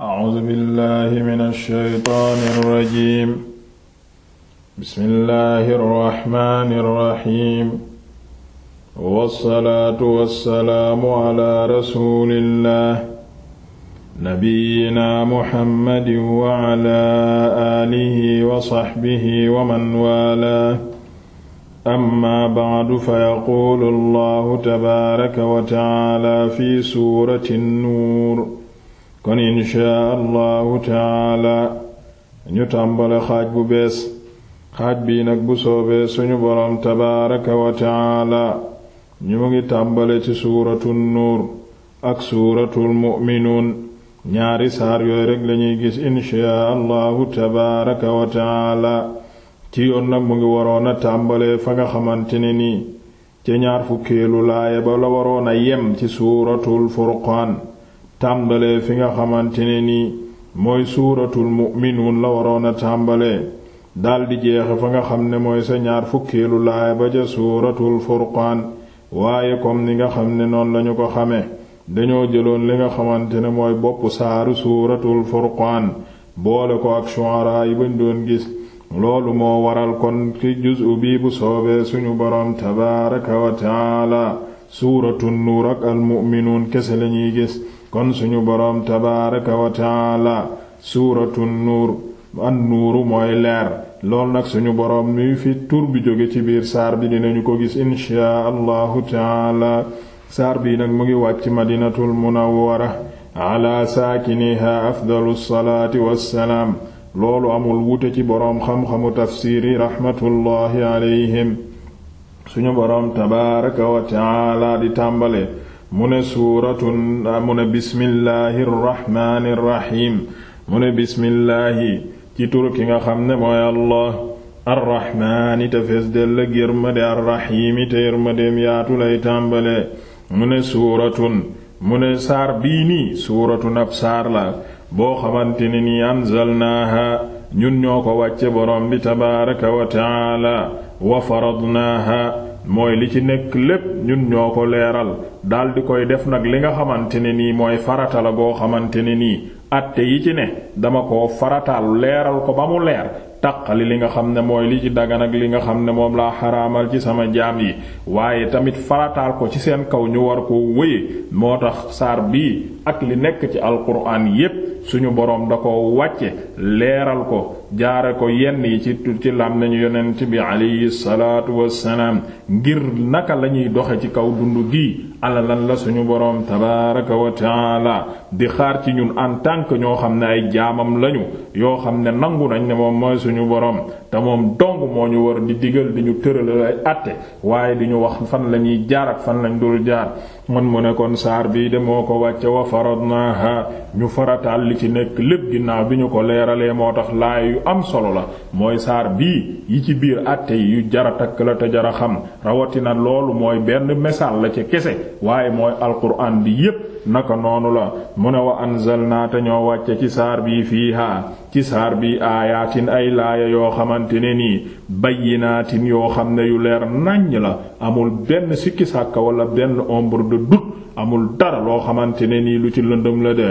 A'uuzu billaahi mina shaytaani rajiim. Bismillaahi rahmaani rahiim. Wassalaatu wassalaamu alaa rasuulillaah. Nabiyyinaa Muhammadin wa alaa aalihi wa sahbihi wa man waalaa. Amma ba'du fayaquulu Allaahu tabaaraka wa ta'aalaa fi suurati Nuur. kon inchaa allahu taala ñu tàmbale xaaj bu bees xaaj bii nag bu soobee suñu boroom tabaaraka wa taala ñu mu ngi tàmbale ci suuratul nuur ak suuratul mu'minuun ñaari saar yooyu rekk lañuy gis inchaa allahu tabaaraka wa taala ci yoon nag mu ngi waroon a tàmbalee fa nga xamante ne nii ci ñaar fukkeelu laaya ba la waroon a yem ci suuratul furqaan tàmbalee fi nga xamante ne nii mooy suuratul mu'minuun la waroon a tàmbalee daldi jeexe fa nga xam ne mooy sa ñaar fukkeelu laaya ba ja suuratul furqaan waaye comme ni nga xam ne noonu lañu ko xamee dañoo jëloon li nga xamante ne mooy bopp saaru suuratul furqaan boole ko ak shu'ara yi bañ doon gis loolu moo waral kon ci juz'u bii bu soobee suñu boroom tabaaraka wa suuratul suuratu nuur ak almu'minuun kese lañuy gis kon suñu boroom tabaaraka wa taala suuratu nuur an nuuru mooy leer lool nag suñu boroom mi fi tur bi jóge ci biir saar bi dinañu ko gis inchaa allahu taala saar bii nag mu ngi wàcc madinatul munawwara ala saakiniha afdalu salaati wassalaam loolu amul wuute ci boroom xam-xamu tafsiir yi raxmatullaahi alayhim suñu boroom tabaaraka wa taala di tàmbale mu ne suuratun mu ne bismillaahi rrahmaani mu ne bismillaahi ci tur ki nga xam ne mooy allah arrahmaani te fees dell yërmande arrahiimi te yaatu lay tàmbale mu ne suuratun mu ne saar bii nii suuratun ab saar boo xamante nii anzalnaaha ñun ñoo ko wàcce boroom bi tabaaraka wa taala wa faradnaaha mooy li ci nekk lépp ñun ñoo ko leeral daldi koy def nag li nga xamante ne nii mooy farata la goo xamante ne nii atte yi ci ne dama ko faratal leeral ko ba mu leer taqali li nga xam ne mooy li ci dagan ak li nga xam ne moom laa xaraamal ci sama jaam yi waaye tamit farataal ko ci seen kaw ñu war ko wéye moo tax saar bii ak li nekk ci alquran yépp suñu boroom da ko wàcce leeral ko jaare ko yenn yi ci ci làmmiñu yonent bi alayhi salaatu wassalaam ngir naka lañuy doxe ci kaw dund gi alalan la suñu boroom tabaaraka wa taala di xaar ci ñun en tant que ñoo xam ne ay jaamam lañu yoo xam ne nangu nañ ne moom mooy suñu boroom te moom dong moo ñu war di digal di ñu tëralal ay àtte waaye di ñu wax fan lañuy jaar ak fan lañ dul jaar man mu ne kon saar bii de moo ko wàcce wa faradnaaha ñu farataal li ci nekk lépp ginnaaw bi ñu ko leeralee moo tax laay yu am solo la mooy saar bii yi ci biir àtte yi yu jara takk la te jara xam rawatina loolu mooy benn message la ca kese waaye mooy alquran bi yépp naka noonu la mu ne wa anzalnaa te ñoo wàcce ci saar bii fiihaa ci saar bi aayaatin ay laaya yoo xamante ne nii bayyinaatin yoo xam ne yu leer nàññ la amul benn sikki sàkka wala benn ombre de doute amul dara loo xamante ni nii lu ci lëndëm la de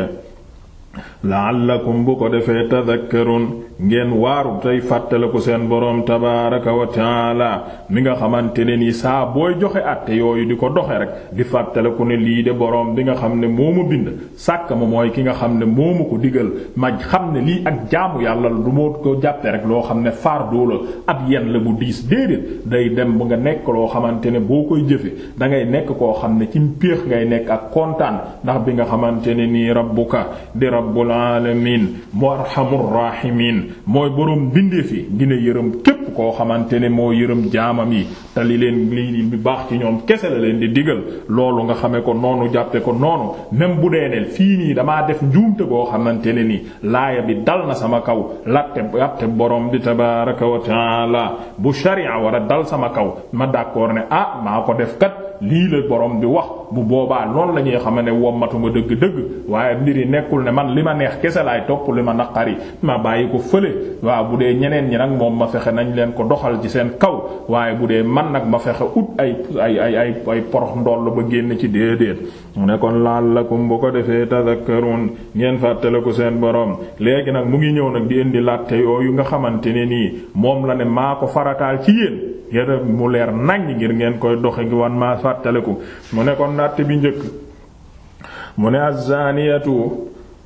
la'allakum bu ko defee tadhakkarun ngeen waaru tey fàttaliku seen borom tabaaraka wa taala mi nga xamante ne nii saa booy joxe àtte yooyu di ko doxe rek di fàttaliku ne lii de borom bi nga xam ne moo ma bind sàkk ma mooy ki nga xam ne moo ko digal ma xam ne lii ak jaamu yàlla la du moo ko jàppe rek loo xam ne fardu la ab yen la bu diis déedéet day dem ba nga nekk loo xamante ne boo koy jëfe da ngay nekk koo xam ne ci mpéex ngay nekk ak kontaan ndax bi nga xamante ne nii rabbuka di rabbul alamin mu arhamur rahimin mooy borom bindee fi gina yërëm képp koo xamante ne moo yërëm jaamam yi te li leen li bi baax ci ñoom kese la leen di digal loolu nga xamee ko noonu jàppe ko noonu même bu dee ne fii nii damaa def njuumte boo xamante ne nii laaya bi dal na sama kaw latte atte borom bi tabaaraka wa taala bu sharia war a dal sama kaw ma d'accord ne ah maa ko def kat lii la borom bi wax bu boobaa noonu la ñuy xam ne wommatu nga dëgg-dëgg waaye mbir yi nekkul ne man li ma neex kese laay topp li ma naqari ma bàyyi ko fële waaw bu ñeneen ñi nag moom fexe nañ leen ko doxal ci seen kaw waaye bu dee man nag ma fexe ut ay ay ay ay ay porox ndoll ba génn ci déedéet mu ne kon laal lakum bu ko defee tadakkarun ngeen fàttale ko seen boroom léegi nag mu ngi ñëw nag di indi latte yooyu nga xamante ne nii moom la ne maa ko farataal ci yéen yéen mu leer naññ ngir ngeen koy doxe wan maa fàttaliku mu ne kon natt bi njëkk mu ne azzaaniyatu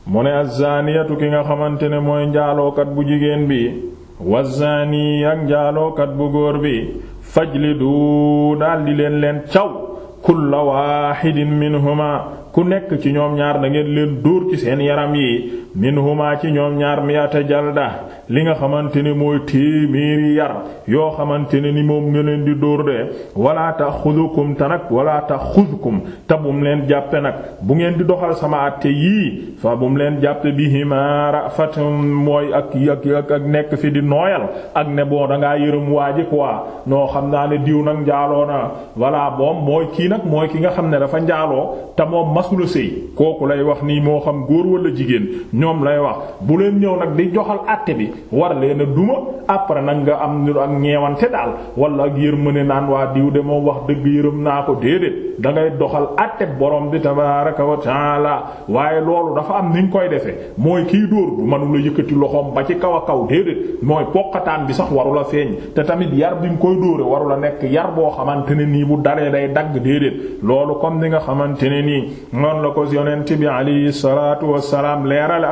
mu ne azzaaniyatu ki nga xamante ne mooy njaalookat bu jigéen bi wazani ak njaalookat bu góor bi fajlidu daldi leen leen caw kulla waaxidin minhuma ku nekk ci ñoom ñaar da ngeen leen dóor ci seen yaram yi minhuma ci ñoom ñaar miyata jalda li nga xamante ne mooy téeméeri yar yoo xamante ne ni moom nga leen di dóor de wala taxudukum te nag wala taxudukum te bum leen jàppe nag bu ngeen di doxal sama àtte yii fa bum leen jàppe bi himaara fatum mooy ak ak ak nekk fi di nooyal ak ne boo dangaa yërëm waa ji quoi noo xam naa ne diw nag njaaloo na wala boom mooy kii nag mooy ki nga xam ne dafa njaaloo te moom masula sëy kooku lay wax nii moo xam góor wala jigéen ñoom lay wax bu leen ñëw nag di joxal àtte bi war leen a duma après nag nga am ak ñeewante daal wala ak yërmande naan waa diw de moom wax dëgg yërëm naa ko déedéet dangay doxal àtteb borom bi tabaaraka wa taala waaye loolu dafa am ni nga koy defee mooy kii dóor bu mënula yëkkati loxoom ba ci kaw a kaw déedéet mooy poqataan bi sax warula feeñ te tamit yar bi nga koy dóore warula nekk yar boo xamante ne nii bu daree day dagg déedéet loolu comme ni nga xamante ne nii noonu la ko yonent bi alayhi salaatu wassalaam leerale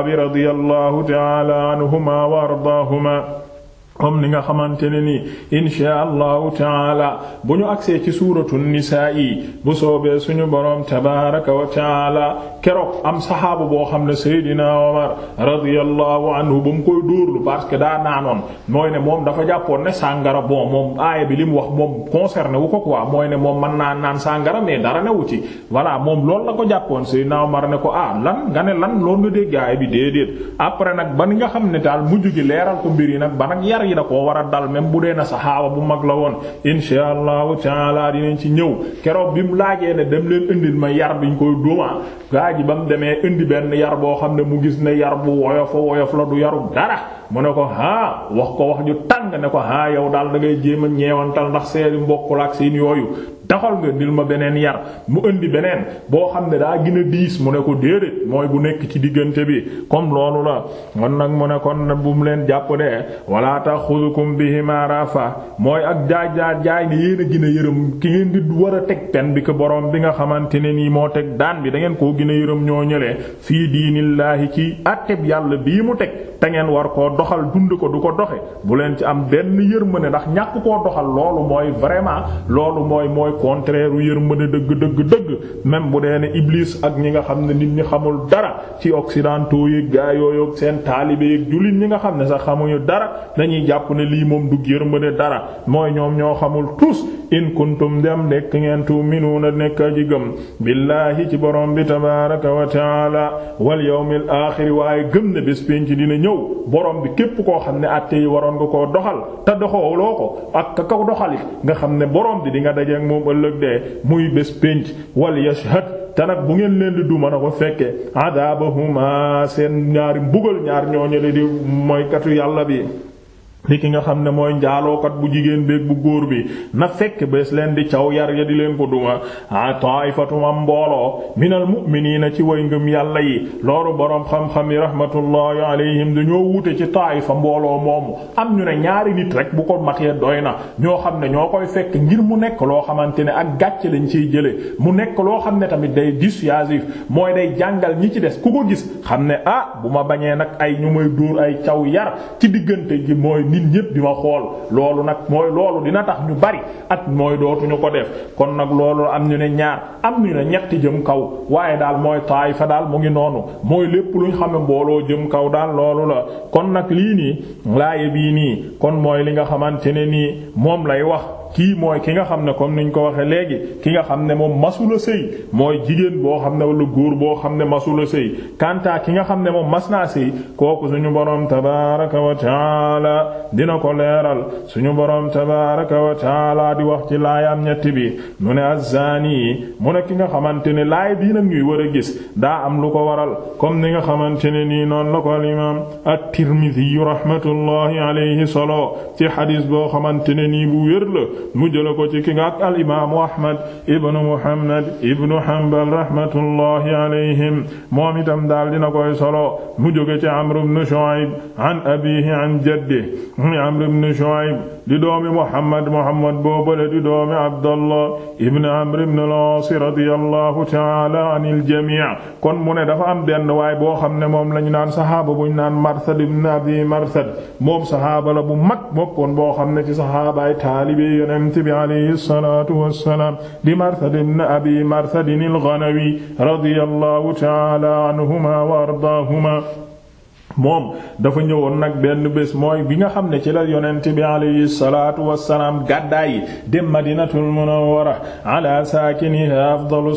alxataabi radiyallahu taala anhuma wa ardaahuma comme ni nga xamante ne ni insha allahu taala bu ñu agsee ci suuratu nisaa yi bu soobee suñu boroom tabaaraka wa taala keroog am saxaabu boo xam ne Seydina Omar radiyallahu anhu ba mu koy dóorlu parce que daa naanoon mooy ne moom dafa jàppoon ne sàngara bon moom aaya bi li mu wax moom concerné wu ko quoi mooy ne moom mën naa naan sàngara mais dara newu ci voilà moom loolu la ko jàppoon Seydina Omar ne ko ah lan nga ne lan loolu nga dégg bi déedéet après nag ba ni nga xam ne daal yi da koo war a dal même bu dee na saxaaba bu mag la woon insha allahu taala dinañ ci ñëw keroog bi mu laajee ne dem leen indil ma yar biñ koy duma gaa ji ba mu demee indi benn yar boo xam ne mu gis ne yar bu woyof woyof la du yaru dara mu ne ko haa wax ko wax ju tàng ne ko haa yow daal da ngay jéem a ñeewantal ndax seeni mbokk la ak seen yooyu daxal nga ndil ma beneen yar mu indi beneen boo xam ne daa gin a diis mu ne ko déedéet mooy bu nekk ci diggante bi comme loolu la kon nag mu ne kon bu mu yaxudukum bi rafa mooy ak jaay jaay jaay ne yéen a gën yërëm ki ngeen di war a teg pen bi ko borom bi nga xamante ne nii moo teg daan bi da ngeen koo gën a yërëm ñoo ñëlee fii diinillaahi ci àtteb yàlla bii mu teg te ngeen war koo doxal dund ko du ko doxe bu leen ci am benn yërmande ndax ñàkk koo doxal loolu mooy vraiment loolu mooy mooy contraire u yërmande dëgg dëgg dëgg même bu dee ne Iblis ak ñi nga xam ne nit ñi xamul dara ci occidentaux yi gaa seen taalibe yi jullit ñi nga xam ne sax xamuñu dara jàpp ne lii moom du yërmande dara mooy ñoom ñoo xamul tus in kuntum dem nekk ngeen tu'minuuna nekk aji gëm billaahi ci borom bi tabaaraka wa taala wal yawmil aaxiri waaye gëm ne bés pénc dina ñëw borom bi képp koo xam ne àtte yi waroon nga koo doxal te doxaloo ko ak ka ko doxali nga xam ne borom bi di nga dajeek moom ëllëg dee muy bés pénc wal yashhad te nag bu ngeen leen di duma na ko fekke adabahuma seen ñaari mbugal ñaar ñooñu di moykatu yàlla bi li ki nga xam ne mooy njaalookat bu jigéen beeg bu góor bi na fekk bés leen di caw yar ya di leen ko duma a ta'ifatun am mbooloo minal mu'miniina ci way ngëm yàlla yi loolu boroom xam-xam yi rahmatullahi alayhim dañoo wute ci ta'ifa mbooloo moomu am ñu ne ñaari nit rek bu ko matee doy na ñoo xam ne ñoo koy fekk ngir mu nekk loo xamante ne ak gàcce lañ ciy jële mu nekk loo xam ne tamit day dissuasif mooy day jàngal ñi ci des ku ko gis xam ne ah bu ma bañee nag ay ay caw yar nit ñépp di ma xool loolu nag mooy loolu dina tax ñu bari at mooy dootuñu ko def kon nag loolu am ñu ne ñaar am ñu ne ñetti jëm kaw waaye daal mooy fa daal mu ngi noonu mooy lépp lu xam ne mbooloo jëm kaw daal loolu la kon nag lii nii laaye bii nii kon mooy li nga xamante ne nii moom lay wax kii mooy ki nga xam ne comme niñ ko waxee léegi ki nga xam ne moom masula sëy mooy jigéen boo xam ne wala góor boo xam ne masula sëy kanta ki nga xam ne moom mas naa sëy kooku suñu boroom tabaraka wa taala dina ko leeral suñu boroom tabaraka wa taala di wax ci laayaam ñetti bi mu ne azzaani yi mu ne ki nga xamante ne laay bii nag ñuy war a gis daa am lu ko waral comme ni nga xamante ne nii noonu la ko al imaam at-Tirmidhi rahmatullahi alayhi solo ci xadis boo xamante ne nii bu wér mu jëla ko ci ki nga ak al imaamu ahmad ibnu muhammad ibnu hanbal rahmatullahi alayhim moom itam daal dina koy solo mu jóge ci amr ibn shu'ayb an abiihi an jaddihi amr ibn shu'ayb di doomi Muhammad Muhammad boobale di doomi Abdallah ibn Amr ibn al-As radiyallahu ta'ala anil jamii kon mu ne dafa am benn waay boo xam ne moom lañu naan saxaaba buñu naan Marsad ibn Abi Marsad moom saxaaba la bu mag bokkoon boo xam ne ci saxaabaay taalibe Yonent bi alayhi salaatu wassalaam di Marsad ibn Abi Marsad al-Ghanawi radiyallahu ta'ala anhuma wa ardaahuma moom dafa ñëwoon nag benn bés mooy bi nga xam ne ci la yonent bi alayhi salaatu salaam gàddaay yi dem madinatul munawwara ala saakiniha afdalu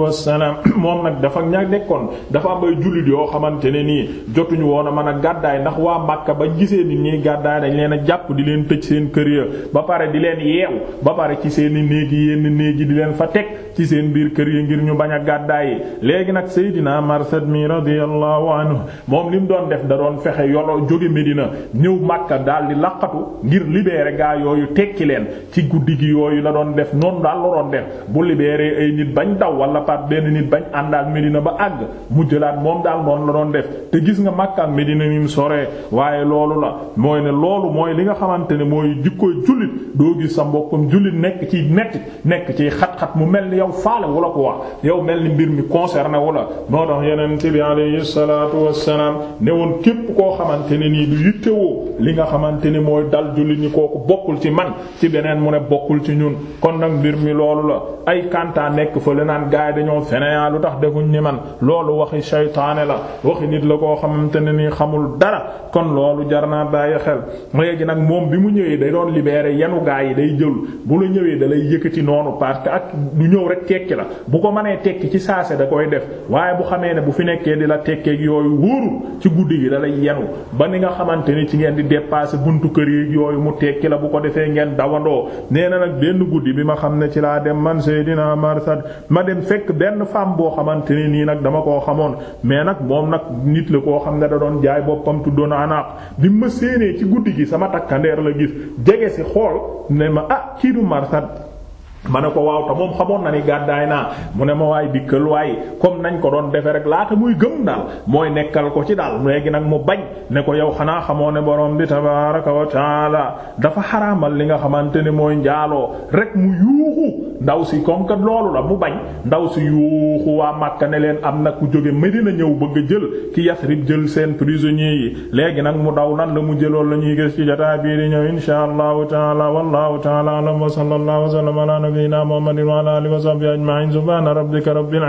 wa salaam moom nag dafa ña nekkoon dafa am ay jullit yoo xamante ne nii jotuñu woon a mën a gàddaay ndax waa Makka ba gisee nit ñiy gàddaay dañ leen a jàpp di leen tëj seen kër ya ba pare di leen yeew ba pare ci seen i néeg yi yenn néeg yi di leen fa teg ci seen biir kër yi ngir ñu bañ a gàddaay yi léegi nag Seydina Marsad mi def da doon fexe yolo jóge Medina ñëw Makka daal di laqatu ngir libérer gaa yooyu tekki leen ci guddi gi yooyu la doon def noonu daal la doon def bu libérer ay nit bañ daw wala par benn nit bañ ànd ak Medina ba àgg mu jëlaat moom daal noonu la doon def te gis nga Makka ak Medina ni mu waaye loolu la mooy ne loolu mooy li nga xamante ne mooy jikkooy jullit doo gis sa mbokkum jullit nekk ci metti nekk ci xat-xat mu mel ni yow faale wala ko wax yow mel woon képp koo xamante ne nii du yittewoo li nga xamante ni mooy dal julli ñi kooku bokkul ci man ci beneen mu ne bokkul ci ñun kon nag mbir mi loolu la ay kanta nekk fa la naan gaay dañoo feneen lu tax defuñ ni man loolu waxi saytaane la waxi nit la koo xamante ne nii xamul dara kon loolu jar naa bàyyi xel léegi nag moom bi mu ñëwee day doon libeere yenu gaay yi day jël bu la ñëwee da lay yëkkati noonu parce que ak du ñëw rek tekki la bu ko mënee tekki ci saase da koy def guddi gi dalay yenu ba ni nga xamante ni ci ngeen di dépasser buntu kër yi yooyu mu tekki la bu ko defee ngeen dawandoo nee na nag benn guddi bi ma xam ne ci laa dem man Seydina Marsad ma dem fekk benn femme boo xamante ne nii nag dama koo xamoon mais nag moom nag nit la koo xam ne da doon jaay boppam tuddoon anaaq bi mu ma séenee ci guddi gi sama takkandeer la gis jege si xool ne ma ah kii du Marsad ma ne ko waaw te moom xamoon na ni gàddaay naa mu ne ma waay dikkal waaye comme nañ ko doon defe rek laata muy gëm daal mooy nekkal ko ci daal léegi nag mu bañ ne ko yow xanaa xamoon ne borom bi tabaaraka wa taala dafa xaraamal li nga xamante ne mooy njaaloo rek mu yuuxu ndaw si comme loolu la mu bañ ndaw si yuuxu waa Makka ne leen am na ku jóge Medina ñëw bëgg a jël ki Yasrib jël seen prisonniers yi léegi nag mu daw lan la mu jëloon la ñuy gis ci jotaay bii di ñëw inshaa Allahu taala wallahu taala alam wa sallallahu nabiyyina muhammadin wa ala alihi wa sahbihi ajma'in subhana rabbika rabbil